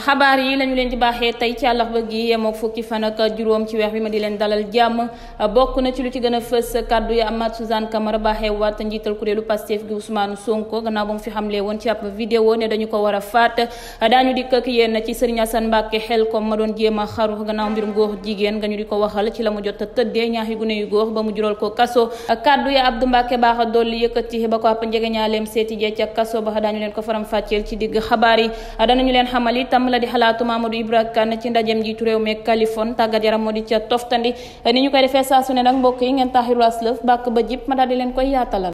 xabaar yi lañu leen di baaxee tey ci àllax ba gi yemook fukki fan ak juróom ci weex bi ma di leen dalal jàmm bokk na ci lu ci gën a fës kàddu ya Amath Suzanne Camara baaxee waat njiital kuréelu Pastef gi Ousmane Sonko gannaaw ba mu fi xamlee woon ci ab vidéo ne dañu ko war a faat daañu dikk ak yéen ci Serigne Assane xel kom ma doon jéem a xaru gannaaw mbirum góor jigéen nga ñu di ko waxal ci la mu jot a tëddee ñaax yu gune yu góor ba mu jural ko kaso kàddu ya Abdou Mbacke baax dolli yëkkati ba ko ab njege ñaaleem seeti jee ca kaso ba daañu digg xabaar yi danañu sàmm la di xalaatu Mamadou Ibra Kane ci ndajem jiitu réew mi Kalifon tàggat yaram di ca toftandi ni ñu koy defee saa ne nag mbokk yi ngeen taaxiru aslëf bàkk ba jib ma daal leen koy yaatalal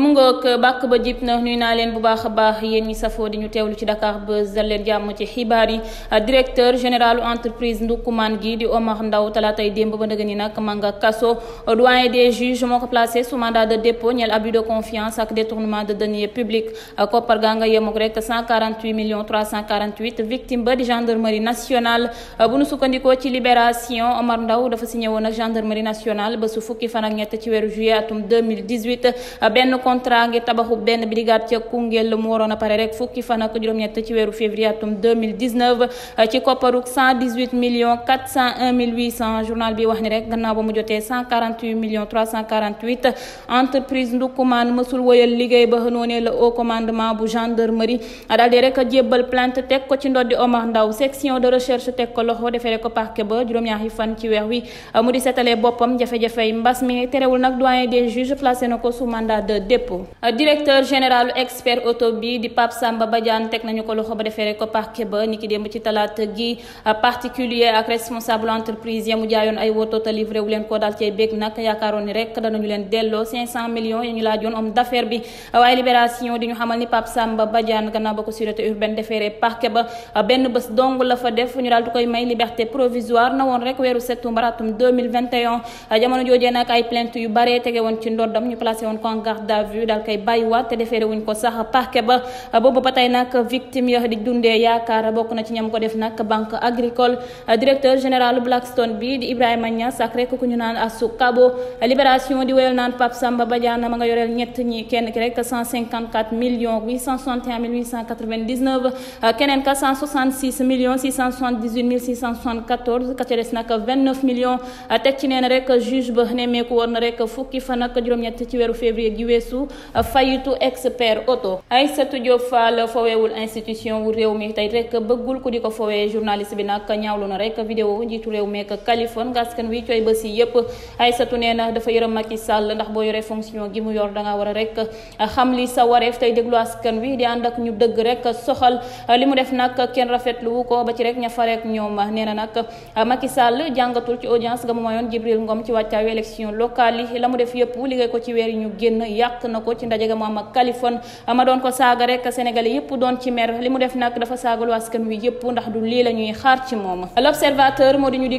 mu ngoog bàkk ba jib na nuyu naa leen bu baax a baax yéen ñi safoo di ñu teewlu ci Dakar Buzz leen jàmm ci xibaar yi directeur général entreprise ndukkumaan gi di Omar Ndaw talaatay démb ba ndëgë ni nag manga kaso doyen des juges moo ko placé sous mandat de dépôt ñeel abus de confiance ak détournement de deniers publics koppar gaa nga yemook rek 148 ba di gendarmerie nationale bu nu sukkandikoo ci libération Omar Ndaw dafa signé woon ak gendarmerie contrat ngir tabaxu benn brigade ca Koungheul mu waroon a pare rek fukki fan juróom-ñett ci weeru février ci kopparuk 118 journal bi wax ni rek gannaaw ba mu jotee 148 entreprise Ndoukoumane mësul woyal liggéey ba noonee la commandement bu gendarmerie daal di rek jébbal plainte teg ko ci ndoddi Omar Ndaw section de recherche teg ko loxo defee ko parquet ba juróom-ñaari fan ci weer wi mu di seetalee boppam jafe-jafey mbas mi dépôt directeur général expert auto bi di Pape Samba Badiane teg nañu ko loxo ba defeere ko parquet ba niki démb ci talaata gi particulier ak responsable entreprise yamu jaayoon ay woto te livré wu leen ko daal cee béeg nag yaakaaroon ni rek danañu leen delloo millions yi ñu laajoon homme d'affaires bi waaye libération di ñu xamal ni Pape Samba Badiane gannaaw ba ko sûreté urbaine defeere parquet ba benn bés dong la fa def ñu daal di koy may liberté provisoire à vue daal koy bàyyiwaat te defeere wuñ ko sax parquet ba boobu ba tey nag victime di dundee yaakaar bokk na ci ñam ko def nag banque agricole di Ibrahima naan Assou Samba Badiane ma nga yoreel ñett ñi kenn ki rek 154 keneen ka 166 ka ca des nag 29 millions ci neen rek juge ba nemmeeku woon na rek fukki fan ak juróom-ñett ci weeru février gi bésu fayitu expert auto Aïssatou Diop Fall fowewul institution wu réew mi tey rek bëggul ku di ko fowee journaliste bi nag ñaawlu na rek vidéo njiitu réew meek Californie nga askan wi cooy bés yi yëpp Aïssatou nee na dafa yërëm Macky Sall ndax boo yoree fonction gi mu yor da ngaa war a rek xam li sa wareef tey déglu askan wi di ànd ak ñu dëgg rek soxal li mu def nag kenn rafetlu wu ko ba ci rek ña fareek ñoom nee na nag Macky Sall jàngatul ci audience ga mu mayoon Jibril Ngom ci wàccaayu élection ci lakk na ko ci ndaje ga mu am ak Kaliphone ma doon ko saaga rek sénégalais yépp doon ci mer li mu def nag dafa saagal askan wi yépp ndax du lii la ñuy xaar ci moom l'observateur moo di ñu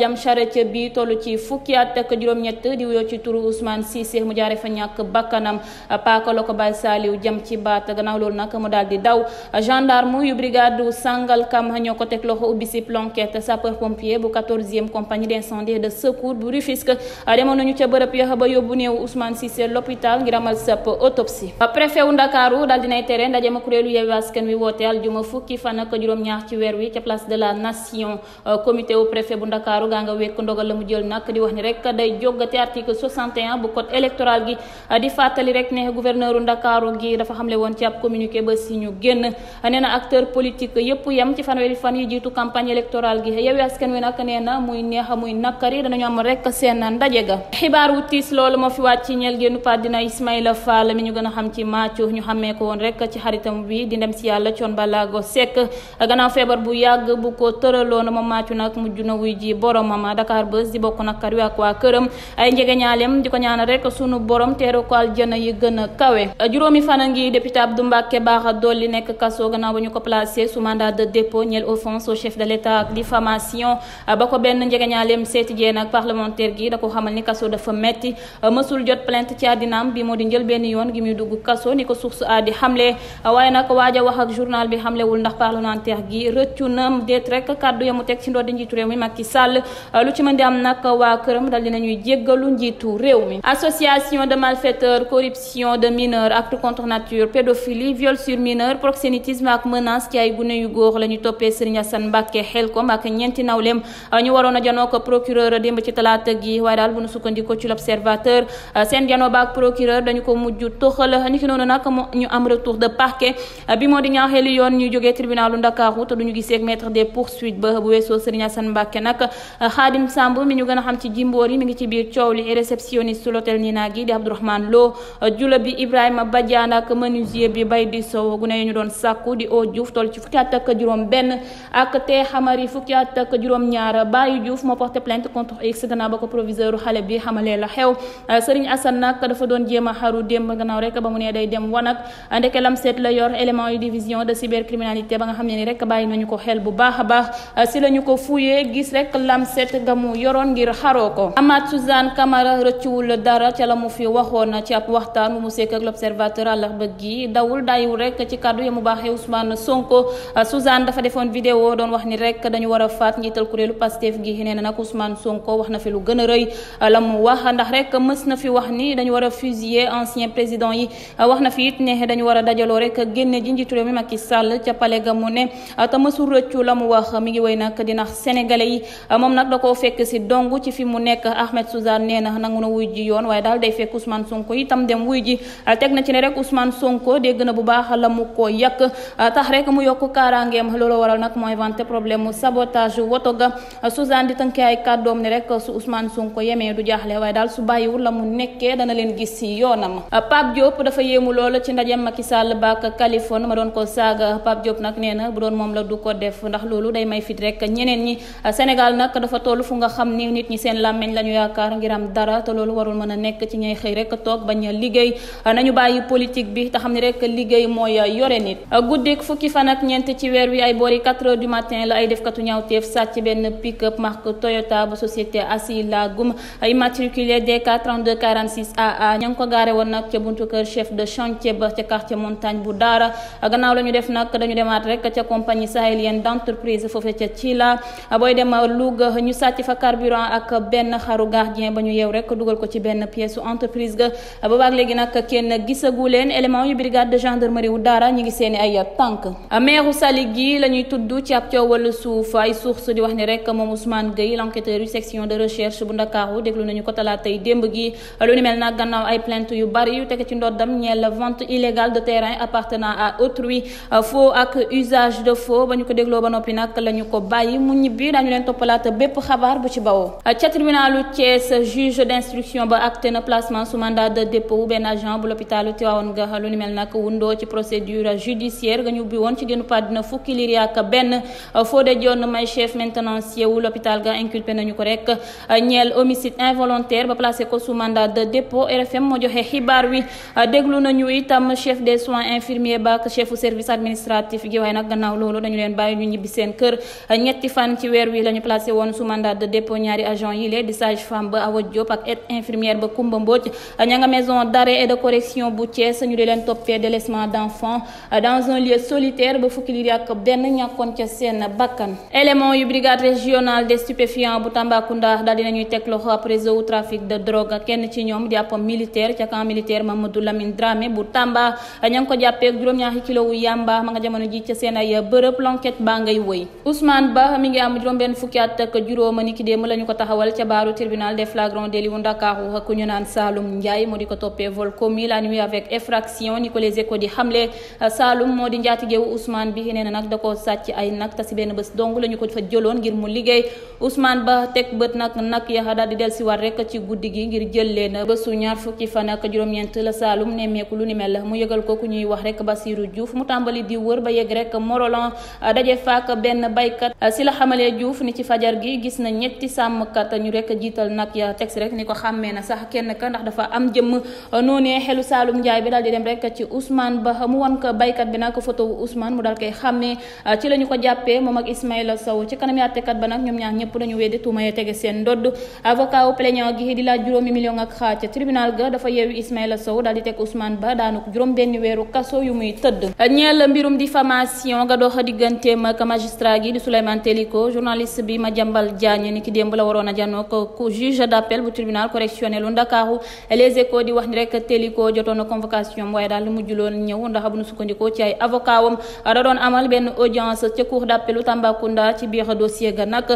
jam charrette bi toll ci fukki at ak juróom-ñett di wuyoo ci turu Ousmane Cissé mu jaare fa ñàkk bakkanam paaka ko Baye Saliou jam ci baat gannaaw loolu nag mu daal di daw gendarme yu brigade sangal Walkam ñoo ko teg loxo ubbi si l'enquête sapeur pompier bu 14 compagnie d'incendie et de secours bu Rufisque demoon nañu ca bërëb ya ba yóbbu néewu Ousmane Cissé l'hôpital ngir amal sap autopsie. préfet wu Ndakaaru daal dinay tere ndaje ma kuréelu Yewwi Askan Wi woote aljuma fukki fan ak juróom-ñaar ci weer wi ca place de la nation euh, comité bu Ndakaaru gaa nga wékk ndogal la mu jël nag di wax ni rek day jóggate article bu code électoral gi di yem ci fanweeri fan yi jiitu campagne électorale gi Yewwi Askan Wi nag nee na muy neex muy nakkari danañu am rek seen ndaje ga xibaar wu tiis loolu moo fi wàcc ci ñeel génnu pàddina Ismaïla Fall mi ñu gën a xam ci Mathio ñu xàmmee woon rek ci xaritam bi di dem si yàlla Thione Ballago Seck gannaaw feebar bu yàgg bu ko tëraloon moom Mathio nag mujj na wuy ji boromam Dakar Buzz di bokk nakkar wi ak waa këram ay njegeñaaleem di ko ñaan rek sunu a a dépôt ñeel offense au chef de l'État diffamation ah, ba ko benn njegeñaaleem seeti jeen ak parlementaire gi da ko xamal ni kaso dafa metti ah, mësul jot plainte ci àddinaam bi moo di njël benn yoon gi muy dugg kaso ni ko source a di xamle ah, waaye nag waaja wax ak journal bi xamlewul ndax parlementaire gi rëccu na déet rek kàddu yamu teg ci ndoor di njiitu réew mi Macky Sall lu ci mën di am nag waa këram dal dinañuy jéggalu njiitu réew mi association de malfaiteurs corruption de mineurs acte contre nature pédophilie viol sur mineur proxénétisme ak menace ci ay gune ñu toppee Serigne Assane Mbacke Xelkom ak ñeenti nawleem ñu waroon a janoo ko procureur démb ci talaata gi waaye daal bu ñu sukkandikoo ci l'observateur seen janoo ba procureur dañu ko mujj toxal ni nag a yi di Abdourahmane Lo jula bi Ibrahima Badiane ak menuisier bi bay di sow gune yi ñu doon sàkku di au Diouf toll ci fukki at ak juróom juróom benn ak te xamari fukki at ak juróom ñaar Baye Diouf moo porté plainte contre X gannaaw ba ko proviseur xale bi xamalee la xew Serigne Assane nag dafa doon jéem a xaru démb gannaaw rek ba mu nee day dem a ndeke lam seet la yor élément yu division de cybercriminalité ba nga xam ne ni rek bàyyi nañu ko xel bu baax a baax si la ñu ko fuyee gis rek lam seet nga mu yoroon ngir xaroo ko Amath Suzanne Camara rëccuwul dara ca la mu fi waxoon ci ab waxtaan mu sekk ak l'observateur àllax bëgg gi dawul daayiwul rek ci kàddu ya mu baaxee Ousmane Sonko Suzanne dafa defoon vidéo doon wax ni rek dañu war faat njiital kuréelu Pastef gi nee na nag Ousmane wax na fi lu gën a rëy euh, la mu wax ndax rek mës na fi wax ni dañu war a fusiller ancien président yi euh, wax na fi it ne dañu war a dajaloo rek génne ji mu ne euh, te mësul rëccu la mu wax mi ngi woy yi moom nag da koo fekk si dong ci fi mu nekk Ahmed Suzanne nee na nangu na wuy ji yoon waaye daal day fekk Ousmane Sonko itam dem wuy ji teg na ci ne rek Ousmane Sonko dégg na bu baax la mu ko yàq tax rek mu yokk kaaraangeem loolu waral nag moo inventé problème mu sabotage woto ga Suzanne di tënkee ay kàddoom ni rek su Ousmane Sonko yemee du jaaxle waaye daal su bàyyi wul la mu nekkee dana leen gis si yoonam Pape Diop dafa yéemu lool ci ndaje Macky Sall baak Californie ma doon ko saaga Pape Diop nag nee na bu doon moom la du ko def ndax loolu day may fit rek ñeneen ñi Sénégal nag dafa toll fu nga xam ni nit ñi seen làmmiñ la ñu yaakaar ngir am dara te loolu warul mën a nekk ci ñay xëy rek toog bañ a liggéey nañu bàyyi politique bi xam ne rek liggéey mooy yore nit bi ay boori 4 heures du matin la ay defkatu ñaawteef sàcc benn pick-up marque Toyota bu société Asila Gum immatriculé DK 32 46 AA ko gaare woon nag ca buntu kër chef de chantier ba ca quartier montagne bu Daara gannaaw la def nag dañu demaat rek ca compagnie sahélienne d'entreprise foofu ca la booy dem a Louga ñu sàcc fa carburant ak benn xaru gardien ba ñu yeew rek dugal ko ci benn pièce su entreprise ga boobaak léegi nag kenn gisagu leen élément yu brigade de gendarmerie wu Daara ñu ngi seeni ay tànk meeru lii la ñuy tudd ci ab coowal suuf ay source di wax ni rek moom Ousmane Gueye l'enquêteur section de recherche bu Ndakaaru déglu nañu ko talaatay démb gi lu ni mel nag gannaaw ay plainte yu bari yu teg ci ndoddam ñeel vente illégale de terrain appartenant à autrui faux ak usage de faux ba ñu ko dégloo ba noppi nag la ñu ko bàyyi mu ñibbi daañu leen toppalaat bépp xabaar bu ci bawoo ca tribunalu Thiès juge d'instruction ba acté na placement su mandat de fanweeri ak benn Fodé Dione may chef maintenancier wu l'hôpital ga inculpé nañu ko rek ñeel homicide involontaire ba placé ko sous mandat de dépôt RFM moo joxe xibaar wi déglu nañu itam chef des soins infirmiers ba ak chefu service administratif gi waaye nag gannaaw loolu dañu leen bàyyi ñu ñibbi seen kër ñetti fan ci weer wi la ñu woon sous mandat de dépôt ñaari agent yi lee di sage femme ba Awa Diop ak aide infirmière ba Koumba Mbodj ña maison d'arrêt et de benn ñàkkoon ca seen bakkan élément yu brigade régionale des stupéfiants bu Tambacounda daal dinañuy teg loxo ab réseau u trafic de drogue kenn ci ñoom di ab militaire ca camp militaire Mamadou Lamine Dramé bu Tamba ña ko jàppee juróom-ñaari kilo wu ma nga jamono ji ca seen ay bërëb l'enquête baa ngay wëy Ousmane Ba mi ngi am juróom-benn fukki at ak juróoma ni ki démb la ko taxawal ca baaru tribunal des flagrants délits wu Ndakaaru ku ñu koo sàcc ay nag te si benn bés dong la ko fa jëloon ngir mu liggéey Ousmane Ba teg bët nag nag gi ngir jël leen bésu ñaar fukki fan ak la Saalum nemmeeku lu ni mel mu yëgal ko ku ñuy wax rek ba yegg rek Morolan daje faak benn baykat si la na ñetti sàmmkat ñu rek jiital na sax kenn ka ndax dafa am jëmm noonee xelu Saalum Njaay bi daal di dem a ci Ousmane Ba mu wan ko baykat bi nag photo wu Ousmane mu daal koy xàmmee Ah, ci la ñu ko jàppee moom ak Ismaïla Sow ci kanam yàttekat ba nag ñoom ñaar ñëpp dañu weddi tuuma ya tege seen ndodd avocat wu plaignant gi di laaj juróomi million ak xaaj ca tribunal ga dafa yeewi Ismaïla Sow daal di teg Ousmane Ba daanuk juróom benn weeru kaso yu muy tëdd ñeel mbirum diffamation ga dox digganteem ak magistrat gi di Souleymane Teliko journaliste bi Madiambal Diagne ni ki démb la waroon a janoo ko juge d'appel bu tribunal correctionnel audience ca cour d'appel u Tambacounda ci a dossier ga nag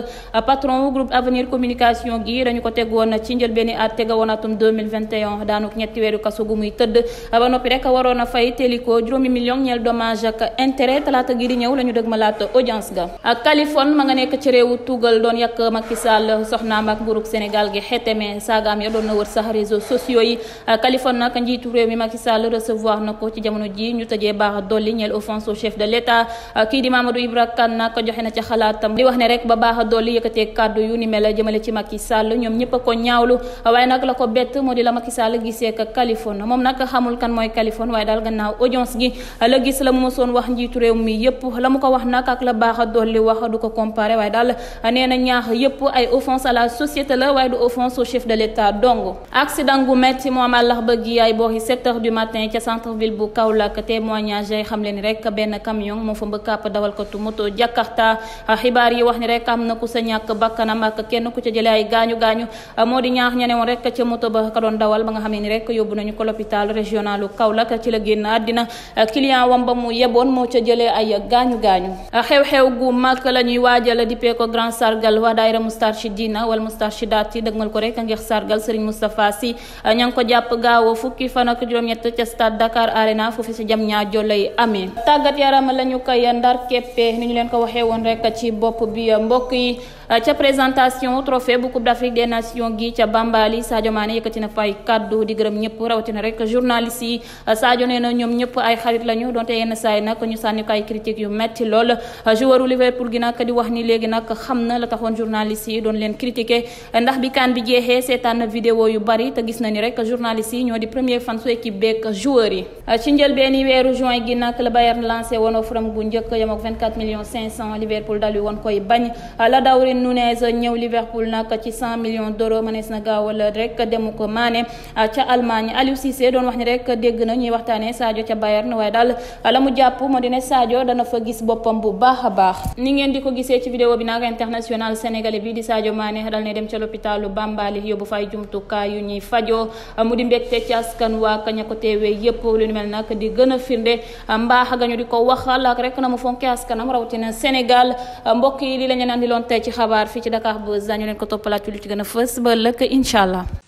patron groupe avenir communication gi dañu ko tegoon ci njëlbeeni at tegawoon atum 2021 ñetti weeru kaso gu muy tëdd ba noppi rek waroon a fay teliko juróomi million ñeel dommage ak intérêt talaata gi di ñëw la ñu ma laat audience ga Kaliphone ma nga nekk ci réewu tugal doon yàq Macky Sall soxnaam ak nguurug Sénégal gi xeteme saagaam ya doon na wër sax réseaux sociaux yi Kaliphone kii a Mamadou Ibra Kane nag joxe na ca xalaatam di wax ne rek ba baax a dolli yëkkatee kàddu yu ni mel jëmale ci Macky Sall ñoom ñëpp a ko ñaawlu waaye nag la ko bett moo di la Macky Sall gisee ak gis la mu wax njiitu réew mi yëpp la mu ko wax nag ak la baax a dolli wax du ko comparé waaye daal nee na ñaax yëpp ay offense à la société la waaye du offense au chef de l'État dong accident gu metti moo am àllax ba gi ay booxi du matin ca jàpp dawalkatu moto Jakarta ah, xibaar yi wax ni rek am na ku sa ñàkk bakkanam ak kenn ku ca jëlee ay gaañu gaañu ah, moo di ñaax ña ne woon rek ca moto ba ka doon dawal ba nga xam ne ni rek yóbbu nañu ko l'hôpital régionalu Kaolack ci la génn àddina ah, client wam ba mu yeboon moo ca jëlee ay gaañu gaañu xew-xew gu mag la ñuy waajal dippee ko grand sargal waa daayira Moustarchidina wal Moustarchidaati dëgmal ko rek ngir sargal Serigne Moustapha si ña ngi ko jàpp gaaw fukki fan ak juróom-ñett ca stade Dakar Arena foofu si jam ndar keppe ni ñu leen ko waxee woon rek ci bopp bi mbokk yi ca présentation trophée bu coupe d'Afrique des nations gi ca Bambali Sadio Mané yëkkati fay kaddu di gërëm ñëpp rawatina rek journaliste yi Sadio nee na ñoom ñëpp ay xarit lañu donte yenn saay nag ñu sànni ko ay yu metti lool joueur Liverpool gi nag di wax ni léegi nag xam na la taxoon journaliste yi doon leen critiquer ndax bi kan bi jeexee seetaan vidéo yu bari te gis na ni rek di premier fan ko yem ak 24 millions 500 Liverpool dal di woon koy bañ la daaw ren Nunez ñëw Liverpool nag ci 100 millions mënees na gaawal rek demu ko Mané ca Allemagne Aliou Cissé doon wax ni rek dégg ca Bayern waaye daal di a baax. bi nag international sénégalais bi di Sadio Mané dal ne dem ca l'hôpitalu yóbbu fay jumtukaay yu ñuy fajoo mu di mbégte ci askan waa kañ ko teewee yëpp lu mel nag di gën a firnde mbaax gañu di ko waxal ak rek na mu fonke kanam rawatina Sénégal mbokk yi li la naan di loon tey ci xabaar fii ci Dakar Buzz dañu leen ko toppalaat ci lu ci gën a fës ba ëllëg incha allah.